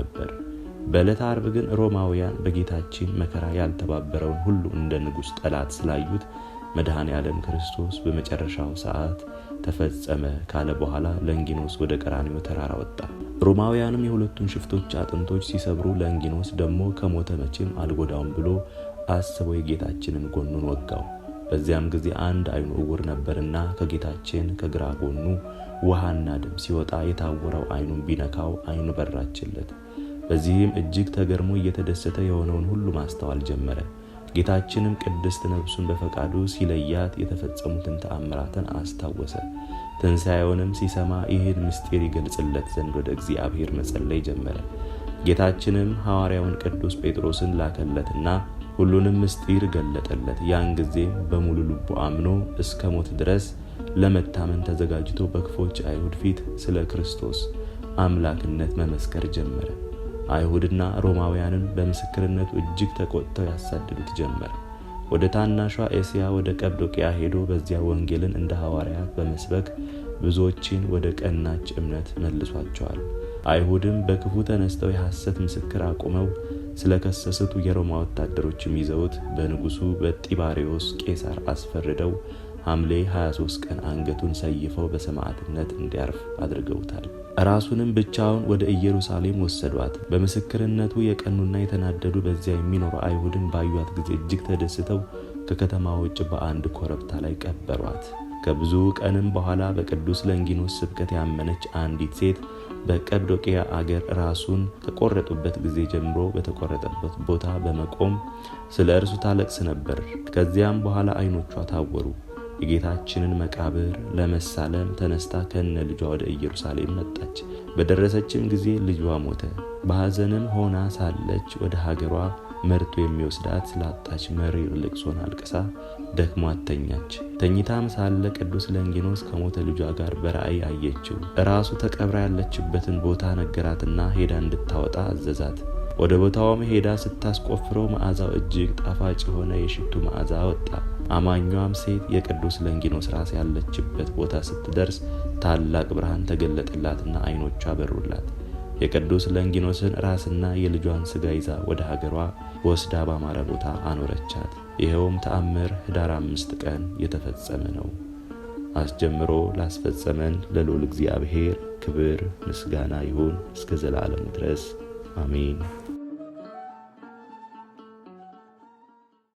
ነበር። በዕለት አርብ ግን ሮማውያን በጌታችን መከራ ያልተባበረውን ሁሉ እንደ ንጉሥ ጠላት ስላዩት መድኃኔ ዓለም ክርስቶስ በመጨረሻው ሰዓት ተፈጸመ ካለ በኋላ ለንጊኖስ ወደ ቀራኒዮ ተራራ ወጣ። ሮማውያንም የሁለቱን ሽፍቶች አጥንቶች ሲሰብሩ፣ ለንጊኖስ ደግሞ ከሞተ መቼም አልጎዳውም ብሎ አስበው የጌታችንን ጎኑን ወጋው። በዚያም ጊዜ አንድ አይኑ እውር ነበርና ከጌታችን ከግራ ጎኑ ውሃና ደም ሲወጣ የታወረው አይኑን ቢነካው አይኑ በራችለት። በዚህም እጅግ ተገርሞ እየተደሰተ የሆነውን ሁሉ ማስተዋል ጀመረ። ጌታችንም ቅድስት ነፍሱን በፈቃዱ ሲለያት የተፈጸሙትን ተአምራትን አስታወሰ። ትንሣኤውንም ሲሰማ ይህን ምስጢር ይገልጽለት ዘንድ ወደ እግዚአብሔር መጸለይ ጀመረ። ጌታችንም ሐዋርያውን ቅዱስ ጴጥሮስን ላከለትና ሁሉንም ምስጢር ገለጠለት። ያን ጊዜ በሙሉ ልቡ አምኖ እስከ ሞት ድረስ ለመታመን ተዘጋጅቶ በክፎች አይሁድ ፊት ስለ ክርስቶስ አምላክነት መመስከር ጀመረ። አይሁድና ሮማውያንን በምስክርነቱ እጅግ ተቆጥተው ያሳድዱት ጀመር። ወደ ታናሿ ኤስያ ወደ ቀብዶቅያ ሄዶ በዚያ ወንጌልን እንደ ሐዋርያት በመስበክ ብዙዎችን ወደ ቀናች እምነት መልሷቸዋል። አይሁድም በክፉ ተነስተው የሐሰት ምስክር አቁመው ስለከሰሱት የሮማ ወታደሮችም ይዘውት በንጉሱ በጢባሪዎስ ቄሳር አስፈርደው ሐምሌ 23 ቀን አንገቱን ሰይፈው በሰማዕትነት እንዲያርፍ አድርገውታል። ራሱንም ብቻውን ወደ ኢየሩሳሌም ወሰዷት። በምስክርነቱ የቀኑና የተናደዱ በዚያ የሚኖሩ አይሁድን ባዩት ጊዜ እጅግ ተደስተው ከከተማ ውጭ በአንድ ኮረብታ ላይ ቀበሯት። ከብዙ ቀንም በኋላ በቅዱስ ለንጊኖስ ስብከት ያመነች አንዲት ሴት በቀብዶቅያ አገር ራሱን ከቆረጡበት ጊዜ ጀምሮ በተቆረጠበት ቦታ በመቆም ስለ እርሱ ታለቅስ ነበር። ከዚያም በኋላ አይኖቿ ታወሩ። የጌታችንን መቃብር ለመሳለም ተነስታ ከነ ልጇ ወደ ኢየሩሳሌም መጣች። በደረሰችም ጊዜ ልጇ ሞተ። በሐዘንም ሆና ሳለች ወደ ሀገሯ መርጦ የሚወስዳት ስላጣች መሪር ልቅሶን አልቅሳ ደክሞ አተኛች። ተኝታም ሳለ ቅዱስ ለንጊኖስ ከሞተ ልጇ ጋር በራእይ አየችው። ራሱ ተቀብራ ያለችበትን ቦታ ነገራትና ሄዳ እንድታወጣ አዘዛት። ወደ ቦታውም ሄዳ ስታስቆፍረው መዓዛው እጅግ ጣፋጭ የሆነ የሽቱ መዓዛ ወጣ። አማኟም ሴት የቅዱስ ለንጊኖስ ራስ ያለችበት ቦታ ስትደርስ ታላቅ ብርሃን ተገለጠላትና ዓይኖቿ በሩላት። የቅዱስ ለንጊኖስን ራስና የልጇን ስጋ ይዛ ወደ ሀገሯ ወስዳ ባማረ ቦታ አኖረቻት። ይኸውም ተአምር ህዳር አምስት ቀን የተፈጸመ ነው። አስጀምሮ ላስፈጸመን ለልዑል እግዚአብሔር ክብር ምስጋና ይሁን እስከ ዘላለሙ ድረስ አሜን።